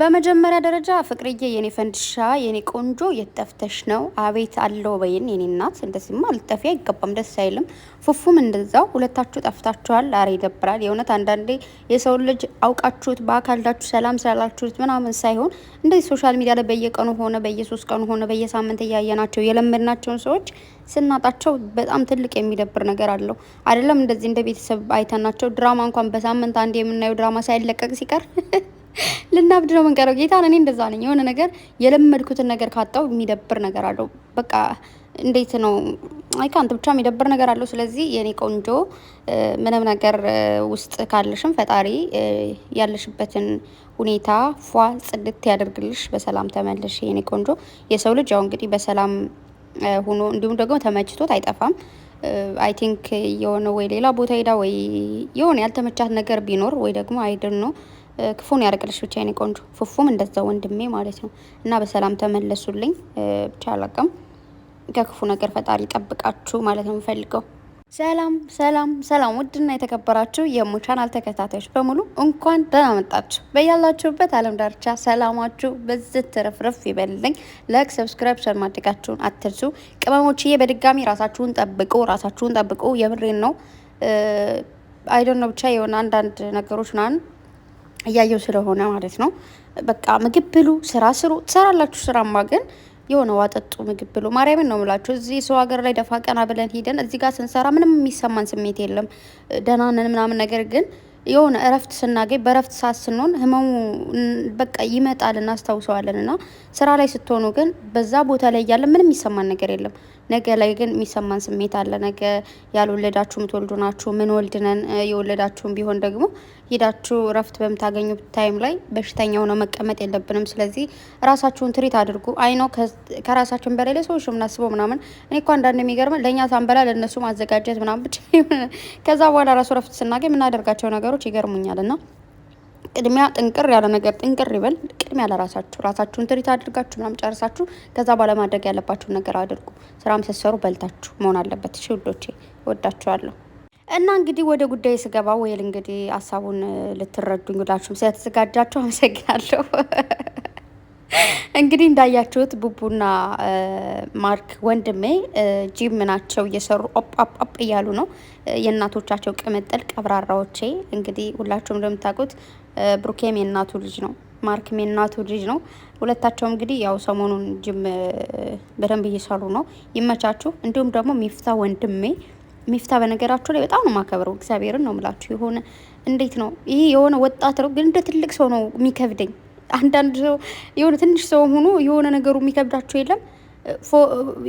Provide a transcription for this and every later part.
በመጀመሪያ ደረጃ ፍቅርዬ የኔ ፈንድሻ የኔ ቆንጆ የጠፍተሽ ነው። አቤት አለው በይን የኔ እናት። እንደዚህማ ልጠፊ አይገባም፣ ደስ አይልም። ፉፉም እንደዛው ሁለታችሁ ጠፍታችኋል። አረ ይደብራል የእውነት አንዳንዴ የሰውን ልጅ አውቃችሁት በአካልዳችሁ ሰላም ስላላችሁት ምናምን ሳይሆን እንደዚህ ሶሻል ሚዲያ ላይ በየቀኑ ሆነ በየሶስት ቀኑ ሆነ በየሳምንት እያየናቸው የለመድናቸውን ሰዎች ስናጣቸው በጣም ትልቅ የሚደብር ነገር አለው። አይደለም እንደዚህ እንደ ቤተሰብ አይተናቸው ድራማ እንኳን በሳምንት አንድ የምናየው ድራማ ሳይለቀቅ ሲቀር ልናብድ ነው የምንቀረው። ጌታን እኔ እንደዛ ነኝ። የሆነ ነገር የለመድኩትን ነገር ካጣው የሚደብር ነገር አለው። በቃ እንዴት ነው አይካንት ብቻ የሚደብር ነገር አለው። ስለዚህ የኔ ቆንጆ ምንም ነገር ውስጥ ካለሽም ፈጣሪ ያለሽበትን ሁኔታ ፏ ጽድት ያደርግልሽ፣ በሰላም ተመልሽ የኔ ቆንጆ። የሰው ልጅ ያው እንግዲህ በሰላም ሆኖ እንዲሁም ደግሞ ተመችቶት አይጠፋም። አይ ቲንክ የሆነ ወይ ሌላ ቦታ ሄዳ ወይ የሆነ ያልተመቻት ነገር ቢኖር ወይ ደግሞ አይድን ነው ክፉን ያደርግልሽ ብቻ የኔ ቆንጆ። ፉፉም እንደዛ ወንድሜ ማለት ነው እና በሰላም ተመለሱልኝ። ብቻ አላቅም ከክፉ ነገር ፈጣሪ ጠብቃችሁ ማለት ነው የምፈልገው። ሰላም ሰላም ሰላም! ውድና የተከበራችሁ የሙ ቻናል ተከታታዮች በሙሉ እንኳን ደህና መጣችሁ። በያላችሁበት አለም ዳርቻ ሰላማችሁ በዝት ትረፍረፍ ይበልልኝ። ላይክ፣ ሰብስክራይብ፣ ማድረጋችሁን አትርሱ። ቅመሞችዬ በድጋሚ ራሳችሁን ጠብቁ፣ ራሳችሁን ጠብቁ። የምሬን ነው። አይዶን ነው ብቻ የሆነ አንዳንድ ነገሮች ምናምን እያየው ስለሆነ ማለት ነው። በቃ ምግብ ብሉ፣ ስራ ስሩ። ትሰራላችሁ። ስራማ ግን የሆነ ዋጠጡ ምግብ ብሉ። ማርያምን ነው የምላችሁ። እዚህ ሰው ሀገር ላይ ደፋ ቀና ብለን ሂደን እዚህ ጋር ስንሰራ ምንም የሚሰማን ስሜት የለም። ደህና ነን ምናምን። ነገር ግን የሆነ እረፍት ስናገኝ በእረፍት ሰዓት ስንሆን ህመሙ በቃ ይመጣል፣ እናስታውሰዋለን። እና ስራ ላይ ስትሆኑ ግን በዛ ቦታ ላይ እያለን ምንም የሚሰማን ነገር የለም። ነገ ላይ ግን የሚሰማን ስሜት አለ። ነገ ያልወለዳችሁ የምትወልዱ ናችሁ። ምን ወልድነን የወለዳችሁም ቢሆን ደግሞ ሂዳችሁ እረፍት በምታገኙ ታይም ላይ በሽተኛ ሆነ መቀመጥ የለብንም። ስለዚህ ራሳችሁን ትሪት አድርጉ። አይኖ ነው ከራሳችን በላይ ለሰዎች የምናስበው ምናምን። እኔ እኮ አንዳንድ የሚገርመ ለእኛ ሳንበላ ለእነሱ ማዘጋጀት ምናምን ብቻ ከዛ በኋላ ራሱ እረፍት ስናገኝ የምናደርጋቸው ነገሮች ይገርሙኛል እና ቅድሚያ ጥንቅር ያለ ነገር ጥንቅር ይበል። ቅድሚያ ለራሳችሁ ራሳችሁን ትሪት አድርጋችሁ ምናምን ጨርሳችሁ ከዛ በኋላ ማድረግ ያለባችሁን ነገር አድርጉ። ስራም ስትሰሩ በልታችሁ መሆን አለበት። እሺ ውዶቼ፣ ወዳችኋለሁ። እና እንግዲህ ወደ ጉዳይ ስገባ ወይል እንግዲህ ሀሳቡን ልትረዱኝ ሁላችሁም ስለተዘጋጃችሁ አመሰግናለሁ። እንግዲህ እንዳያችሁት ቡቡና ማርክ ወንድሜ ጂም ናቸው እየሰሩ ኦጳጳጳ እያሉ ነው። የእናቶቻቸው ቅምጥል ቀብራራዎቼ እንግዲህ ሁላችሁም እንደምታውቁት ብሩኬም የእናቱ ልጅ ነው፣ ማርክም የእናቱ ልጅ ነው። ሁለታቸው እንግዲህ ያው ሰሞኑን ጅም በደንብ እየሰሩ ነው። ይመቻችሁ። እንዲሁም ደግሞ ሚፍታ ወንድሜ ሚፍታ በነገራችሁ ላይ በጣም ነው የማከብረው። እግዚአብሔርን ነው የምላችሁ። የሆነ እንዴት ነው ይሄ የሆነ ወጣት ነው፣ ግን እንደ ትልቅ ሰው ነው የሚከብደኝ። አንዳንድ ሰው የሆነ ትንሽ ሰው ሆኖ የሆነ ነገሩ የሚከብዳቸው የለም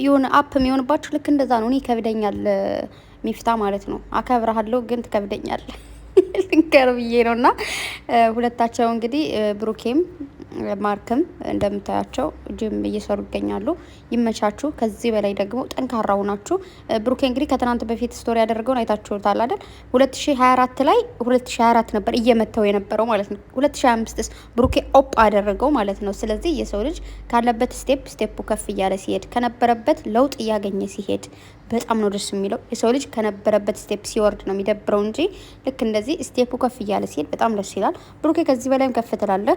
የሆነ አፕ የሚሆንባችሁ ልክ እንደዛ ነው። እኔ ይከብደኛል፣ ሚፍታ ማለት ነው። አከብረሃለሁ ግን ትከብደኛለ። ልንገር ብዬ ነው። እና ሁለታቸው እንግዲህ ብሩኬም ማርክም እንደምታያቸው ጅም እየሰሩ ይገኛሉ። ይመቻችሁ። ከዚህ በላይ ደግሞ ጠንካራው ናችሁ። ብሩኬ እንግዲህ ከትናንት በፊት ስቶሪ ያደረገውን አይታችሁታል አይደል? 2024 ላይ 2024 ነበር እየመተው የነበረው ማለት ነው። 2025ስ ብሩኬ ኦፕ አደረገው ማለት ነው። ስለዚህ የሰው ልጅ ካለበት ስቴፕ ስቴፑ ከፍ እያለ ሲሄድ፣ ከነበረበት ለውጥ እያገኘ ሲሄድ በጣም ነው ደስ የሚለው። የሰው ልጅ ከነበረበት ስቴፕ ሲወርድ ነው የሚደብረው እንጂ ልክ እንደዚህ ስለዚህ ስቴፑ ከፍ እያለ ሲሄድ በጣም ደስ ይላል። ብሩኬ ከዚህ በላይም ከፍ ትላለ።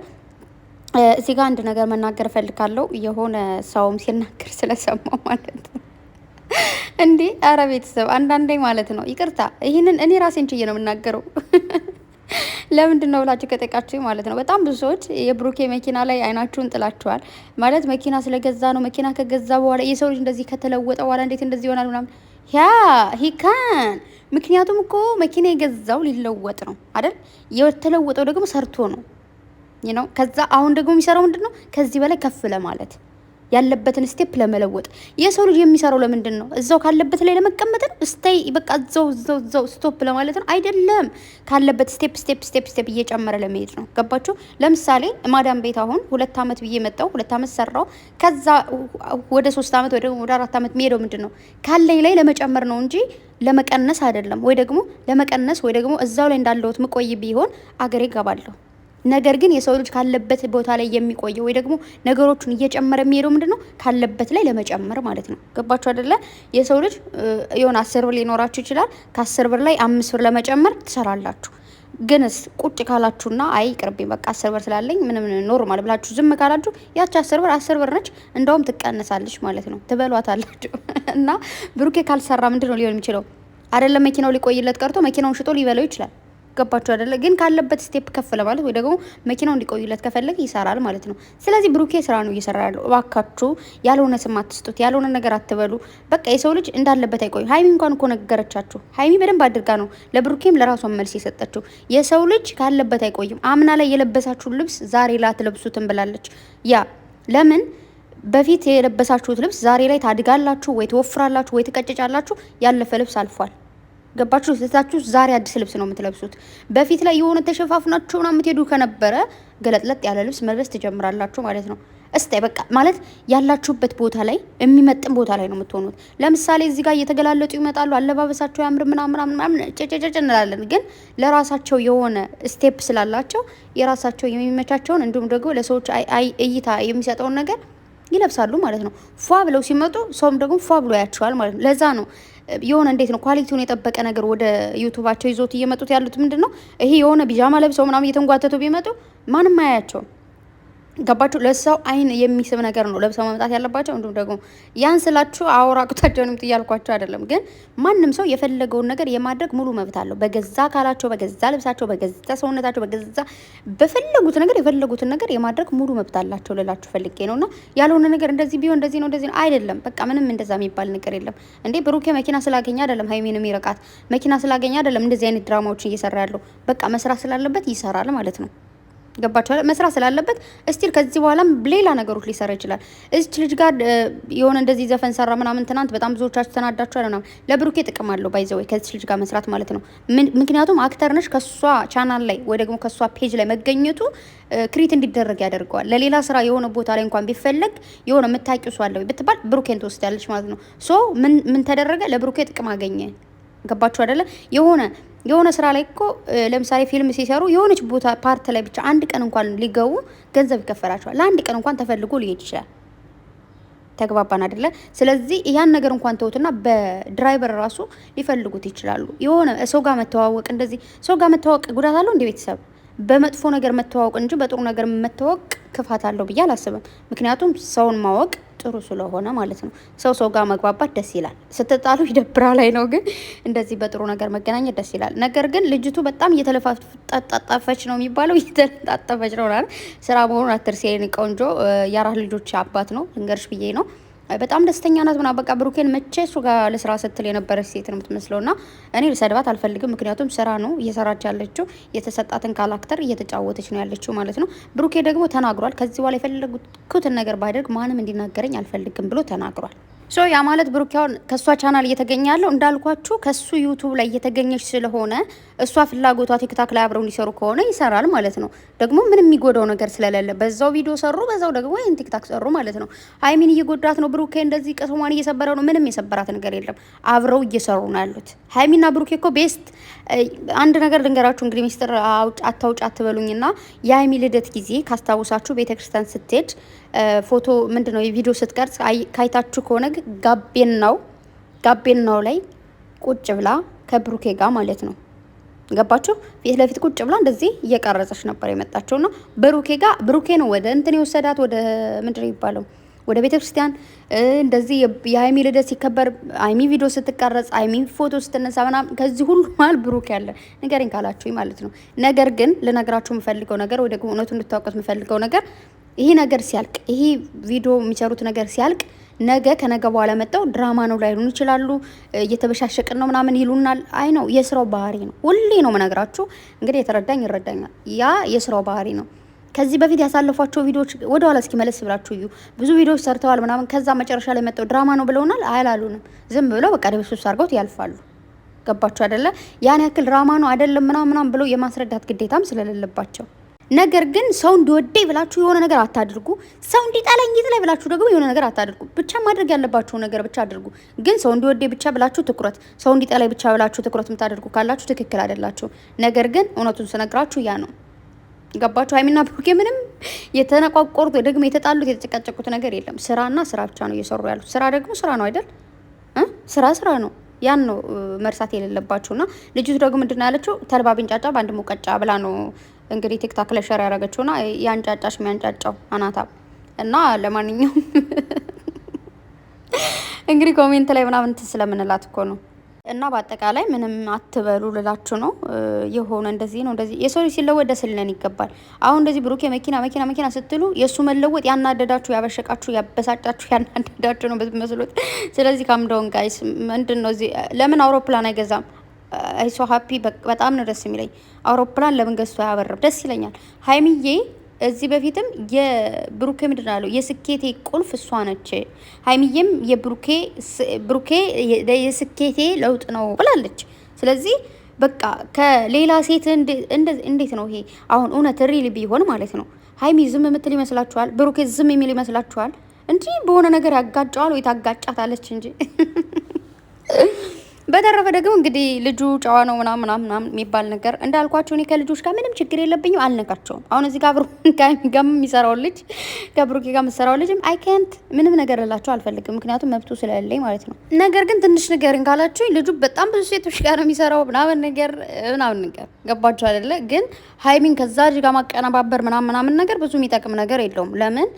እዚህ ጋር አንድ ነገር መናገር እፈልጋለሁ። የሆነ ሰውም ሲናገር ስለሰማው ማለት ነው እንዴ አረ ቤተሰብ አንዳንዴ ማለት ነው። ይቅርታ ይህንን እኔ ራሴን ችዬ ነው የምናገረው። ለምንድን ነው ብላችሁ ከጠቃችሁ ማለት ነው። በጣም ብዙ ሰዎች የብሩኬ መኪና ላይ አይናችሁን ጥላችኋል ማለት መኪና ስለገዛ ነው። መኪና ከገዛ በኋላ የሰው ልጅ እንደዚህ ከተለወጠ በኋላ እንዴት እንደዚህ ይሆናል ምናምን ያ ሂካን ምክንያቱም እኮ መኪና የገዛው ሊለወጥ ነው አይደል? የተለወጠው ደግሞ ሰርቶ ነው ነው። ከዛ አሁን ደግሞ የሚሰራው ምንድን ነው? ከዚህ በላይ ከፍ ለማለት ያለበትን ስቴፕ ለመለወጥ የሰው ልጅ የሚሰራው ለምንድን ነው? እዛው ካለበት ላይ ለመቀመጥ ነው? ስታይ በቃ እዛው እዛው እዛው ስቶፕ ለማለት ነው? አይደለም። ካለበት ስቴፕ ስቴፕ ስቴፕ ስቴፕ እየጨመረ ለመሄድ ነው። ገባችሁ? ለምሳሌ ማዳም ቤት አሁን ሁለት አመት ብዬ መጣው፣ ሁለት አመት ሰራው። ከዛ ወደ ሶስት አመት ወደ አራት አመት የሚሄደው ምንድን ነው? ካለኝ ላይ ለመጨመር ነው እንጂ ለመቀነስ አይደለም። ወይ ደግሞ ለመቀነስ ወይ ደግሞ እዛው ላይ እንዳለሁት ምቆይ ቢሆን አገሬ እገባለሁ። ነገር ግን የሰው ልጅ ካለበት ቦታ ላይ የሚቆየው ወይ ደግሞ ነገሮቹን እየጨመረ የሚሄደው ምንድን ነው ካለበት ላይ ለመጨመር ማለት ነው። ገባችሁ አይደለ? የሰው ልጅ የሆነ አስር ብር ሊኖራችሁ ይችላል። ከአስር ብር ላይ አምስት ብር ለመጨመር ትሰራላችሁ። ግንስ ቁጭ ካላችሁና አይ ቅርቤ በቃ አስር ብር ስላለኝ ምንም ኖርማል ብላችሁ ዝም ካላችሁ ያች አስር ብር አስር ብር ነች፣ እንደውም ትቀነሳለች ማለት ነው። ትበሏታላችሁ። እና ብሩኬ ካልሰራ ምንድን ነው ሊሆን የሚችለው? አይደለም መኪናው ሊቆይለት ቀርቶ መኪናውን ሽጦ ሊበለው ይችላል። ገባችሁ አይደለ? ግን ካለበት ስቴፕ ከፍ ለማለት ወይ ደግሞ መኪናው እንዲቆዩለት ከፈለገ ይሰራል ማለት ነው። ስለዚህ ብሩኬ ስራ ነው እየሰራ ያለው። እባካችሁ ያልሆነ ስም አትስጡት፣ ያልሆነ ነገር አትበሉ። በቃ የሰው ልጅ እንዳለበት አይቆዩ። ሀይሚ እንኳን እኮ ነገረቻችሁ። ሀይሚ በደንብ አድርጋ ነው ለብሩኬም ለራሷን መልስ የሰጠችው። የሰው ልጅ ካለበት አይቆይም። አምና ላይ የለበሳችሁን ልብስ ዛሬ ላይ አትለብሱትም ብላለች። ያ ለምን በፊት የለበሳችሁት ልብስ ዛሬ ላይ ታድጋላችሁ ወይ ትወፍራላችሁ ወይ ትቀጭጫላችሁ። ያለፈ ልብስ አልፏል። ገባችሁ? ልብሳችሁ ዛሬ አዲስ ልብስ ነው የምትለብሱት። በፊት ላይ የሆነ ተሸፋፍናችሁ ምናምን የምትሄዱ ከነበረ ገለጥለጥ ያለ ልብስ መልበስ ትጀምራላችሁ ማለት ነው። እስቲ በቃ ማለት ያላችሁበት ቦታ ላይ የሚመጥን ቦታ ላይ ነው የምትሆኑት። ለምሳሌ እዚህ ጋር እየተገላለጡ ይመጣሉ፣ አለባበሳቸው ያምር ምናምን ምናምን ጨጨጨጭ እንላለን። ግን ለራሳቸው የሆነ ስቴፕ ስላላቸው የራሳቸው የሚመቻቸውን እንዲሁም ደግሞ ለሰዎች እይታ የሚሰጠውን ነገር ይለብሳሉ ማለት ነው። ፏ ብለው ሲመጡ ሰውም ደግሞ ፏ ብሎ ያቸዋል ማለት ነው። ለዛ ነው የሆነ እንዴት ነው ኳሊቲውን የጠበቀ ነገር ወደ ዩቱባቸው ይዞት እየመጡት ያሉት ምንድን ነው ይሄ የሆነ ቢጃማ ለብሰው ምናምን እየተንጓተቱ ቢመጡ ማንም አያቸውም ገባችሁ? ለሰው አይን የሚስብ ነገር ነው ለብሰው መምጣት ያለባቸው። እንዲሁም ደግሞ ያን ስላችሁ አውራቁታቸውን እያልኳቸው አይደለም፣ ግን ማንም ሰው የፈለገውን ነገር የማድረግ ሙሉ መብት አለው። በገዛ አካላቸው፣ በገዛ ልብሳቸው፣ በገዛ ሰውነታቸው፣ በገዛ በፈለጉት ነገር የፈለጉትን ነገር የማድረግ ሙሉ መብት አላቸው ልላችሁ ፈልጌ ነው። እና ያልሆነ ነገር እንደዚህ ቢሆን እንደዚህ ነው እንደዚህ ነው አይደለም። በቃ ምንም እንደዛ የሚባል ነገር የለም። እንዴ ብሩኬ መኪና ስላገኘ አይደለም ሀይሜንም ይረቃት መኪና ስላገኘ አይደለም እንደዚህ አይነት ድራማዎችን እየሰራ ያለው። በቃ መስራት ስላለበት ይሰራል ማለት ነው። ገባችኋል። መስራት ስላለበት እስቲል ከዚህ በኋላም ሌላ ነገሮች ሊሰራ ይችላል። እዚች ልጅ ጋር የሆነ እንደዚህ ዘፈን ሰራ ምናምን ትናንት በጣም ብዙዎቻችሁ ተናዳችኋል ምናምን። ለብሩኬ ጥቅም አለው ባይዘ ወይ ከዚች ልጅ ጋር መስራት ማለት ነው። ምክንያቱም አክተር ነሽ ከእሷ ቻናል ላይ ወይ ደግሞ ከእሷ ፔጅ ላይ መገኘቱ ክሪት እንዲደረግ ያደርገዋል። ለሌላ ስራ የሆነ ቦታ ላይ እንኳን ቢፈለግ የሆነ የምታውቂው ሰው አለ ብትባል ብሩኬን ትወስዳለች ማለት ነው። ሶ ምን ተደረገ? ለብሩኬ ጥቅም አገኘ። ገባችሁ አደለ? የሆነ የሆነ ስራ ላይ እኮ ለምሳሌ ፊልም ሲሰሩ የሆነች ቦታ ፓርት ላይ ብቻ አንድ ቀን እንኳን ሊገቡ ገንዘብ ይከፈላቸዋል። ለአንድ ቀን እንኳን ተፈልጎ ሊሄድ ይችላል። ተግባባን አደለ? ስለዚህ ያን ነገር እንኳን ተውትና በድራይቨር ራሱ ሊፈልጉት ይችላሉ። የሆነ ሰው ጋር መተዋወቅ እንደዚህ ሰው ጋር መተዋወቅ ጉዳት አለው እንደ ቤተሰብ በመጥፎ ነገር መተዋወቅ እንጂ በጥሩ ነገር መተዋወቅ ክፋት አለው ብዬ አላስብም። ምክንያቱም ሰውን ማወቅ ጥሩ ስለሆነ ማለት ነው። ሰው ሰው ጋር መግባባት ደስ ይላል። ስትጣሉ ይደብራ ላይ ነው፣ ግን እንደዚህ በጥሩ ነገር መገናኘት ደስ ይላል። ነገር ግን ልጅቱ በጣም እየተለጣጠፈች ነው የሚባለው፣ እየተለጣጠፈች ነው ስራ መሆኑን አትርሴን። ቆንጆ የአራት ልጆች አባት ነው ልንገርሽ ብዬ ነው በጣም ደስተኛ ናት ምናምን በቃ ብሩኬን መቼ እሱ ጋር ለስራ ስትል የነበረች ሴት ነው የምትመስለው። ና እኔ ልሰድባት አልፈልግም፣ ምክንያቱም ስራ ነው እየሰራች ያለችው የተሰጣትን ካራክተር እየተጫወተች ነው ያለችው ማለት ነው። ብሩኬ ደግሞ ተናግሯል። ከዚህ በኋላ የፈለጉትን ነገር ባደርግ ማንም እንዲናገረኝ አልፈልግም ብሎ ተናግሯል። ሶ ያ ማለት ብሩክ ከሷ ከእሷ ቻናል እየተገኘ ያለው እንዳልኳችሁ ከሱ ዩቱብ ላይ እየተገኘች ስለሆነ እሷ ፍላጎቷ ቲክታክ ላይ አብረው እንዲሰሩ ከሆነ ይሰራል ማለት ነው። ደግሞ ምንም የሚጎዳው ነገር ስለሌለ በዛው ቪዲዮ ሰሩ፣ በዛው ደግሞ ይህን ቲክታክ ሰሩ ማለት ነው። አይሚን እየጎዳት ነው ብሩኬ፣ እንደዚህ ቅስሟን እየሰበረው ነው። ምንም የሰበራት ነገር የለም። አብረው እየሰሩ ነው ያሉት። ሀይሚና ብሩኬ እኮ ቤስት አንድ ነገር ልንገራችሁ እንግዲህ ሚስጥር አታውጭ አትበሉኝና የሀይሚ ልደት ጊዜ ካስታወሳችሁ ቤተክርስቲያን ስትሄድ ፎቶ ምንድን ነው የቪዲዮ ስትቀርጽ ካይታችሁ ከሆነ ጋቤናው ጋቤናው ላይ ቁጭ ብላ ከብሩኬ ጋር ማለት ነው ገባችሁ ፊት ለፊት ቁጭ ብላ እንደዚህ እየቀረጸች ነበር ና ብሩኬ ጋር ብሩኬ ነው ወደ እንትን የወሰዳት ወደ ምንድን ነው ይባለው ወደ ቤተ ክርስቲያን እንደዚህ የሀይሚ ልደት ሲከበር አይሚ ቪዲዮ ስትቀረጽ አይሚ ፎቶ ስትነሳ ምናምን ከዚህ ሁሉ ማል ብሩክ ያለ ንገረኝ ካላችሁ ማለት ነው። ነገር ግን ልነግራችሁ የምፈልገው ነገር ወደ ደግሞ እውነቱ እንድታውቀት የምፈልገው ነገር ይሄ ነገር ሲያልቅ ይሄ ቪዲዮ የሚሰሩት ነገር ሲያልቅ ነገ ከነገ በኋላ መጣው ድራማ ነው ላይሉን ይችላሉ። እየተበሻሸቅን ነው ምናምን ይሉናል። አይ ነው የስራው ባህሪ ነው። ሁሌ ነው መነግራችሁ። እንግዲህ የተረዳኝ ይረዳኛል። ያ የስራው ባህሪ ነው። ከዚህ በፊት ያሳለፏቸው ቪዲዮዎች ወደ ኋላ እስኪ መለስ ብላችሁ እዩ። ብዙ ቪዲዮዎች ሰርተዋል ምናምን፣ ከዛ መጨረሻ ላይ መጠው ድራማ ነው ብለውናል አያላሉንም። ዝም ብለው በቃ ደብስብስ አድርገውት ያልፋሉ። ገባችሁ አደለ? ያን ያክል ድራማ ነው አይደለም ምናምናም ብለው የማስረዳት ግዴታም ስለሌለባቸው ነገር ግን ሰው እንዲወደኝ ብላችሁ የሆነ ነገር አታድርጉ። ሰው እንዲጠላኝ ይጥላኝ ብላችሁ ደግሞ የሆነ ነገር አታድርጉ። ብቻ ማድረግ ያለባችሁ ነገር ብቻ አድርጉ። ግን ሰው እንዲወደኝ ብቻ ብላችሁ ትኩረት፣ ሰው እንዲጠላኝ ብቻ ብላችሁ ትኩረት የምታደርጉ ካላችሁ ትክክል አይደላችሁ። ነገር ግን እውነቱን ስነግራችሁ ያ ነው። ገባችሁ? ሀይሚና ብሩኬ ምንም የተነቋቆሩት ወይ ደግሞ የተጣሉት የተጨቃጨቁት ነገር የለም። ስራና ስራ ብቻ ነው እየሰሩ ያሉት። ስራ ደግሞ ስራ ነው አይደል? ስራ ስራ ነው። ያን ነው መርሳት የሌለባችሁ። እና ልጅቱ ደግሞ ምንድን ያለችው ተልባ ቢንጫጫ በአንድ ሙቀጫ ብላ ነው እንግዲህ ቲክታክ ላይ ሸር ያደረገችውና ያንጫጫሽ የሚያንጫጫው አናታ እና ለማንኛውም እንግዲህ ኮሜንት ላይ ምናምን ስለምንላት እኮ ነው እና በአጠቃላይ ምንም አትበሉ ልላችሁ ነው። የሆነ እንደዚህ ነው እንደዚህ የሰው ልጅ ሲለወጥ ደስ ሊለን ይገባል። አሁን እንደዚህ ብሩክ የመኪና መኪና መኪና ስትሉ የእሱ መለወጥ ያናደዳችሁ፣ ያበሸቃችሁ፣ ያበሳጫችሁ፣ ያናደዳችሁ ነው በመስሎት። ስለዚህ ካምዳውን ጋይስ ምንድን ነው እዚህ ለምን አውሮፕላን አይገዛም? አይሶ ሀፒ በጣም ነው ደስ የሚለኝ። አውሮፕላን ለምን ገዝቶ አያበርም? ደስ ይለኛል ሀይሚዬ እዚህ በፊትም የብሩኬ ምንድን አለው የስኬቴ ቁልፍ እሷ ነች። ሀይሚዬም የብሩኬ ብሩኬ የስኬቴ ለውጥ ነው ብላለች። ስለዚህ በቃ ከሌላ ሴት እንዴት ነው ይሄ አሁን እውነት ሪል ቢሆን ማለት ነው ሀይሚ ዝም የምትል ይመስላችኋል? ብሩኬ ዝም የሚል ይመስላችኋል? እንጂ በሆነ ነገር ያጋጨዋል ወይ ታጋጫታለች እንጂ በተረፈ ደግሞ እንግዲህ ልጁ ጨዋ ነው ምናምን ምናምን ምናምን የሚባል ነገር እንዳልኳቸው እኔ ከልጆች ጋር ምንም ችግር የለብኝም፣ አልነካቸውም። አሁን እዚህ ጋር ጋም የሚሰራው ልጅ ከብሩኬ ጋር የምሰራው ልጅም አይ ካንት ምንም ነገር ልላቸው አልፈልግም፣ ምክንያቱም መብቱ ስለሌለኝ ማለት ነው። ነገር ግን ትንሽ ነገር ካላችሁ ልጁ በጣም ብዙ ሴቶች ጋር ነው የሚሰራው ምናምን ነገር ምናምን ነገር ገባችሁ አይደለ? ግን ሀይሚን ከዛ ልጅ ጋር ማቀነባበር ምናምን ምናምን ነገር ብዙ የሚጠቅም ነገር የለውም። ለምን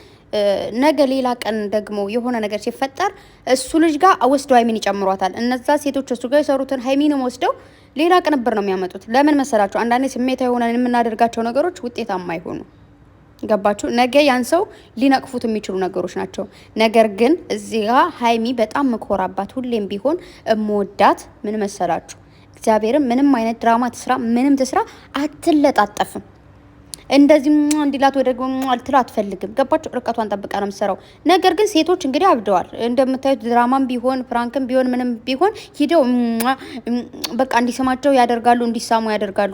ነገ ሌላ ቀን ደግሞ የሆነ ነገር ሲፈጠር እሱ ልጅ ጋር ወስደው ሀይሚን ይጨምሯታል። እነዛ ሴቶች እሱ ጋር የሰሩትን ሀይሚንም ወስደው ሌላ ቅንብር ነው የሚያመጡት። ለምን መሰላችሁ? አንዳንዴ ስሜታ ሆነን የምናደርጋቸው ነገሮች ውጤታማ አይሆኑ። ገባችሁ? ነገ ያን ሰው ሊነቅፉት የሚችሉ ነገሮች ናቸው። ነገር ግን እዚህ ጋ ሀይሚ በጣም ምኮራባት፣ ሁሌም ቢሆን እምወዳት ምን መሰላችሁ? እግዚአብሔርም ምንም አይነት ድራማ ትስራ፣ ምንም ትስራ፣ አትለጣጠፍም እንደዚህ እንዲላት ወይ ደግሞ ልትለው አትፈልግም። ገባችሁ? ርቀቷን ጠብቃ ነው የምትሰራው። ነገር ግን ሴቶች እንግዲህ አብደዋል። እንደምታዩት ድራማም ቢሆን ፍራንክም ቢሆን ምንም ቢሆን ሂደው በቃ እንዲሰማቸው ያደርጋሉ፣ እንዲሳሙ ያደርጋሉ።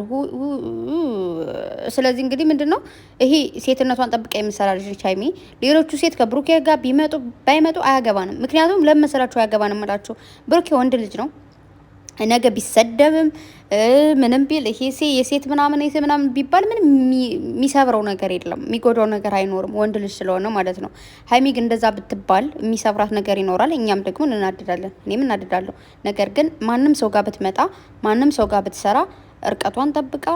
ስለዚህ እንግዲህ ምንድን ነው ይሄ ሴትነቷን ጠብቃ የምትሰራ ልጅ ሀይሚ። ሌሎቹ ሴት ከብሩኬ ጋር ቢመጡ ባይመጡ አያገባንም። ምክንያቱም ለመሰላችሁ አያገባንም እላችሁ ብሩኬ ወንድ ልጅ ነው። ነገ ቢሰደብም ምንም ቢል ይሄ ሴ የሴት ምናምን የሴ ምናምን ቢባል ምንም የሚሰብረው ነገር የለም፣ የሚጎዳው ነገር አይኖርም። ወንድ ልጅ ስለሆነ ማለት ነው። ሀይሚግ እንደዛ ብትባል የሚሰብራት ነገር ይኖራል። እኛም ደግሞ እናድዳለን፣ እኔም እናድዳለሁ። ነገር ግን ማንም ሰው ጋር ብትመጣ፣ ማንም ሰው ጋር ብትሰራ እርቀቷን ጠብቃ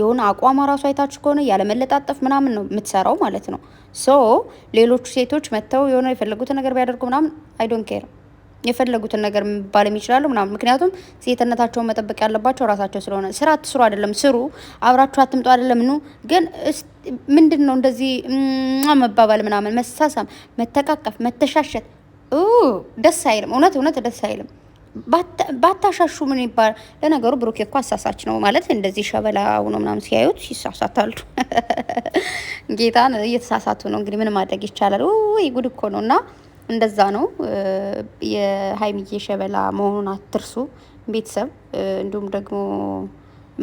የሆነ አቋም ራሱ አይታችሁ ከሆነ ያለመለጣጠፍ ምናምን ነው የምትሰራው ማለት ነው። ሶ ሌሎቹ ሴቶች መጥተው የሆነ የፈለጉትን ነገር ቢያደርጉ ምናምን አይ ኬር የፈለጉትን ነገር ባለም ይችላሉ ምናምን። ምክንያቱም ሴትነታቸውን መጠበቅ ያለባቸው ራሳቸው ስለሆነ ስራ አትስሩ አይደለም ስሩ፣ አብራችሁ አትምጡ አይደለም ኑ። ግን ምንድን ነው እንደዚህ መባባል ምናምን፣ መሳሳም፣ መተቃቀፍ፣ መተሻሸት ደስ አይልም። እውነት እውነት ደስ አይልም። ባታሻሹ ምን ይባል? ለነገሩ ብሩኬ እኮ አሳሳች ነው ማለት እንደዚህ ሸበላ ነው ምናምን ሲያዩት ይሳሳታሉ። ጌታን እየተሳሳቱ ነው እንግዲህ ምን ማድረግ ይቻላል? ውይ ጉድ እኮ ነው እና እንደዛ ነው። የሀይሚዬ ሸበላ መሆኑን አትርሱ ቤተሰብ እንዲሁም ደግሞ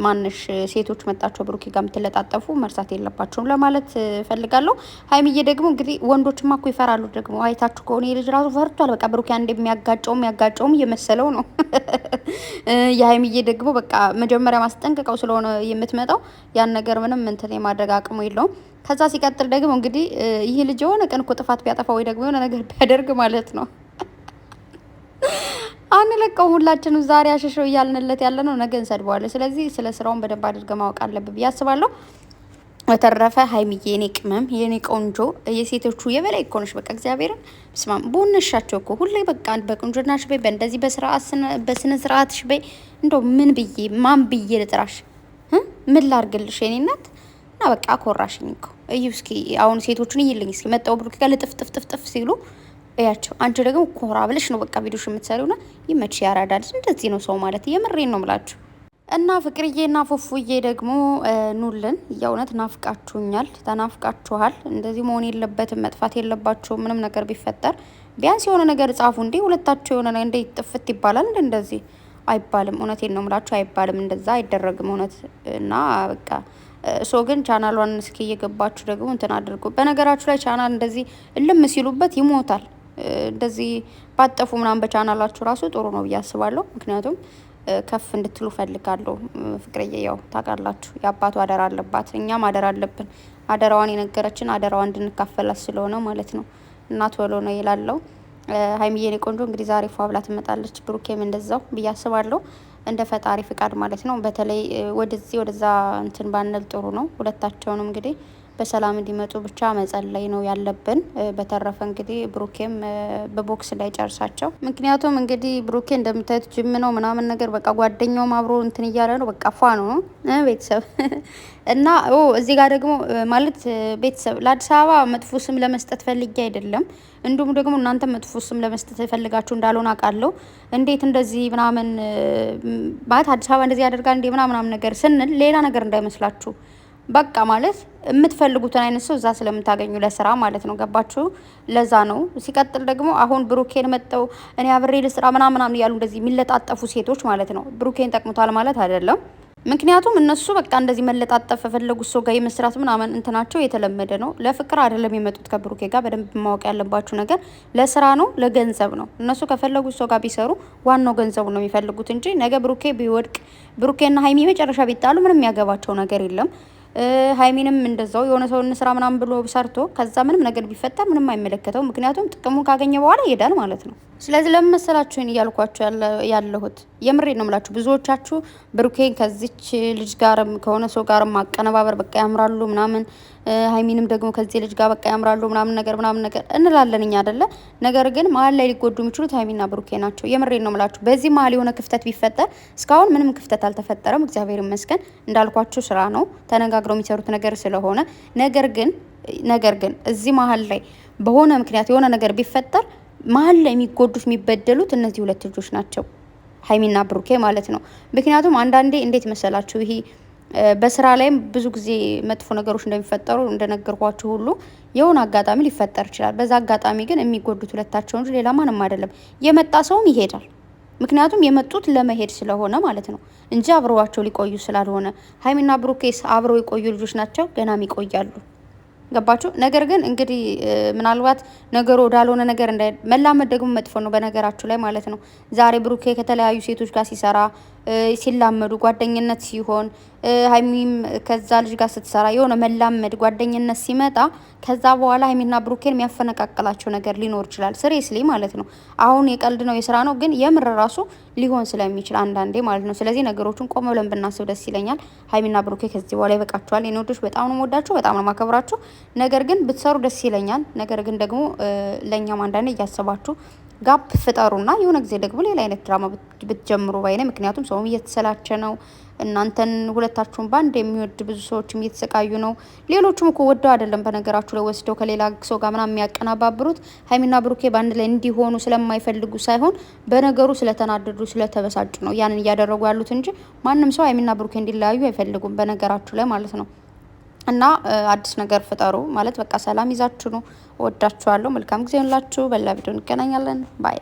ማንሽ ሴቶች መጣቸው ብሩኬ ጋር የምትለጣጠፉ መርሳት የለባቸውም ለማለት ፈልጋለሁ። ሀይሚዬ ደግሞ እንግዲህ ወንዶችማ እኮ ይፈራሉ። ደግሞ አይታችሁ ከሆነ የልጅ ራሱ ፈርቷል። በቃ ብሩኬ አንድ የሚያጋጨውም እየመሰለው ነው። የሀይሚዬ ደግሞ በቃ መጀመሪያ ማስጠንቀቀው ስለሆነ የምትመጣው ያን ነገር ምንም እንትን የማድረግ አቅሙ የለውም። ከዛ ሲቀጥል ደግሞ እንግዲህ ይህ ልጅ የሆነ ቀን እኮ ጥፋት ቢያጠፋ ወይ ደግሞ የሆነ ነገር ቢያደርግ ማለት ነው አንለቀው ሁላችንም ዛሬ አሸሸው እያልንለት ያለ ነው፣ ነገ እንሰድበዋለን። ስለዚህ ስለ ስራውን በደንብ አድርገ ማወቅ አለብ ብዬ አስባለሁ። በተረፈ ሀይሚዬ የኔ ቅመም የኔ ቆንጆ የሴቶቹ የበላይ እኮ ነሽ። በቃ እግዚአብሔርን ስማም ቦነሻቸው እኮ ሁሌ በቃ በቁንጅናሽ በይ፣ በእንደዚህ በስነ ስርዓትሽ በይ። እንደው ምን ብዬ ማን ብዬ ልጥራሽ? ምን ላርግልሽ የኔ እና በቃ ኮራሽኝ እኮ እዩ። እስኪ አሁን ሴቶቹን እይልኝ እስኪ መጣው ብሩክ ጋር ልጥፍጥፍጥፍጥፍ ሲሉ እያቸው አንቺ ደግሞ ኮራ ብለሽ ነው በቃ ቪዲዮሽ የምትሰሪው። ና ይመች ያራዳል። እንደዚህ ነው ሰው ማለት የምሬን ነው ምላችሁ እና ፍቅርዬ እና ፉፉዬ ደግሞ ኑልን የእውነት ናፍቃችሁኛል፣ ተናፍቃችኋል። እንደዚህ መሆን የለበትም መጥፋት የለባችሁ። ምንም ነገር ቢፈጠር ቢያንስ የሆነ ነገር ጻፉ እንዴ ሁለታችሁ የሆነ እንደ ጥፍት ይባላል እንደ እንደዚህ አይባልም። እውነቴን ነው ምላችሁ አይባልም፣ እንደዛ አይደረግም እውነት እና በቃ እሶ ግን ቻናሏን እስኪ እየገባችሁ ደግሞ እንትን አድርጉ። በነገራችሁ ላይ ቻናል እንደዚህ እልም ሲሉበት ይሞታል። እንደዚህ ባጠፉ ምናምን በቻናላችሁ ራሱ ጥሩ ነው ብዬ አስባለሁ። ምክንያቱም ከፍ እንድትሉ ፈልጋለሁ። ፍቅርዬ ያው ታውቃላችሁ የአባቱ አደራ አለባት፣ እኛም አደራ አለብን። አደራዋን የነገረችን አደራዋ እንድንካፈላት ስለሆነ ማለት ነው እና ቶሎ ነው ይላለው። ሀይምዬኔ ቆንጆ እንግዲህ ዛሬ ፏ ብላ ትመጣለች። ብሩኬም እንደዛው ብዬ አስባለሁ እንደ ፈጣሪ ፍቃድ ማለት ነው። በተለይ ወደዚህ ወደዛ እንትን ባንል ጥሩ ነው። ሁለታቸውንም እንግዲህ በሰላም እንዲመጡ ብቻ መጸለይ ነው ያለብን። በተረፈ እንግዲህ ብሩኬም በቦክስ ላይ ጨርሳቸው። ምክንያቱም እንግዲህ ብሩኬ እንደምታዩት ጅም ነው ምናምን ነገር በቃ ጓደኛውም አብሮ እንትን እያለ ነው በቃ ፏ ነው ቤተሰብ እና እዚህ ጋር ደግሞ ማለት ቤተሰብ ለአዲስ አበባ መጥፎ ስም ለመስጠት ፈልጌ አይደለም። እንዲሁም ደግሞ እናንተ መጥፎ ስም ለመስጠት ፈልጋችሁ እንዳልሆን አውቃለሁ። እንዴት እንደዚህ ምናምን ማለት አዲስ አበባ እንደዚህ ያደርጋል እንዴ ምናምናም ነገር ስንል ሌላ ነገር እንዳይመስላችሁ በቃ ማለት የምትፈልጉትን አይነት ሰው እዛ ስለምታገኙ ለስራ ማለት ነው። ገባችሁ? ለዛ ነው። ሲቀጥል ደግሞ አሁን ብሩኬን መጠው እኔ አብሬ ለስራ ምናምናምን እያሉ እንደዚህ የሚለጣጠፉ ሴቶች ማለት ነው። ብሩኬን ጠቅሙታል ማለት አይደለም። ምክንያቱም እነሱ በቃ እንደዚህ መለጣጠፍ የፈለጉት ሰው ጋር የመስራት ምናምን እንትናቸው የተለመደ ነው። ለፍቅር አይደለም የመጡት ከብሩኬ ጋር። በደንብ ማወቅ ያለባችሁ ነገር ለስራ ነው፣ ለገንዘብ ነው። እነሱ ከፈለጉት ሰው ጋር ቢሰሩ ዋናው ገንዘቡ ነው የሚፈልጉት እንጂ ነገ ብሩኬ ቢወድቅ፣ ብሩኬና ሀይሚ መጨረሻ ቢጣሉ ምንም ያገባቸው ነገር የለም። ሀይሚንም እንደዛው የሆነ ሰውን ስራ ምናምን ብሎ ሰርቶ ከዛ ምንም ነገር ቢፈጠር ምንም አይመለከተው። ምክንያቱም ጥቅሙን ካገኘ በኋላ ይሄዳል ማለት ነው። ስለዚህ ለምን መሰላችሁን እያልኳችሁ ያለሁት የምሬ ነው ምላችሁ። ብዙዎቻችሁ ብሩኬን ከዚች ልጅ ጋርም ከሆነ ሰው ጋርም ማቀነባበር በቃ ያምራሉ ምናምን ሀይሚንም ደግሞ ከዚህ ልጅ ጋር በቃ ያምራሉ ምናምን ነገር ምናምን ነገር እንላለን እኛ አደለ። ነገር ግን መሀል ላይ ሊጎዱ የሚችሉት ሀይሚና ብሩኬ ናቸው። የምሬን ነው ምላችሁ። በዚህ መሀል የሆነ ክፍተት ቢፈጠር እስካሁን ምንም ክፍተት አልተፈጠረም፣ እግዚአብሔር ይመስገን። እንዳልኳችሁ ስራ ነው ተነጋግረው የሚሰሩት ነገር ስለሆነ ነገር ግን ነገር ግን እዚህ መሀል ላይ በሆነ ምክንያት የሆነ ነገር ቢፈጠር መሀል ላይ የሚጎዱት የሚበደሉት እነዚህ ሁለት ልጆች ናቸው፣ ሀይሚና ብሩኬ ማለት ነው። ምክንያቱም አንዳንዴ እንዴት መሰላችሁ ይሄ በስራ ላይም ብዙ ጊዜ መጥፎ ነገሮች እንደሚፈጠሩ እንደነገርኳችሁ ሁሉ የሆነ አጋጣሚ ሊፈጠር ይችላል። በዛ አጋጣሚ ግን የሚጎዱት ሁለታቸው እንጂ ሌላ ማንም አይደለም። የመጣ ሰውም ይሄዳል። ምክንያቱም የመጡት ለመሄድ ስለሆነ ማለት ነው እንጂ አብረዋቸው ሊቆዩ ስላልሆነ። ሀይሚና ብሩኬስ አብረው የቆዩ ልጆች ናቸው፣ ገናም ይቆያሉ። ገባችሁ? ነገር ግን እንግዲህ ምናልባት ነገሩ ወዳልሆነ ነገር እንዳይ መላመድ ደግሞ መጥፎ ነው፣ በነገራችሁ ላይ ማለት ነው። ዛሬ ብሩኬ ከተለያዩ ሴቶች ጋር ሲሰራ ሲላመዱ ጓደኝነት ሲሆን ሀይሚም ከዛ ልጅ ጋር ስትሰራ የሆነ መላመድ ጓደኝነት ሲመጣ ከዛ በኋላ ሀይሚና ብሩኬን የሚያፈነቃቅላቸው ነገር ሊኖር ይችላል። ስሬስሊ ማለት ነው። አሁን የቀልድ ነው የስራ ነው፣ ግን የምር ራሱ ሊሆን ስለሚችል አንዳንዴ ማለት ነው። ስለዚህ ነገሮችን ቆመ ብለን ብናስብ ደስ ይለኛል። ሀይሚና ብሩኬ ከዚህ በኋላ ይበቃችኋል። የኔወዶች በጣም ነው ወዳችሁ፣ በጣም ነው ማከብራችሁ። ነገር ግን ብትሰሩ ደስ ይለኛል። ነገር ግን ደግሞ ለእኛም አንዳንዴ እያሰባችሁ ጋፕ ፍጠሩና የሆነ ጊዜ ደግሞ ሌላ አይነት ድራማ ብትጀምሩ ባይ ምክንያቱም ሰውም እየተሰላቸ ነው። እናንተን ሁለታችሁን በአንድ የሚወድ ብዙ ሰዎችም እየተሰቃዩ ነው። ሌሎቹም እኮ ወደው አይደለም በነገራችሁ ላይ ወስደው ከሌላ ሰው ጋር ምናምን የሚያቀናባብሩት ሀይሚና ብሩኬ በአንድ ላይ እንዲሆኑ ስለማይፈልጉ ሳይሆን በነገሩ ስለተናደዱ ስለተበሳጩ ነው ያንን እያደረጉ ያሉት እንጂ ማንም ሰው ሀይሚና ብሩኬ እንዲለያዩ አይፈልጉም በነገራችሁ ላይ ማለት ነው። እና አዲስ ነገር ፍጠሩ ማለት በቃ ሰላም ይዛችሁ ነው። ወዳችኋለሁ። መልካም ጊዜ ሆንላችሁ። በሌላ ቪዲዮ እንገናኛለን። ባይ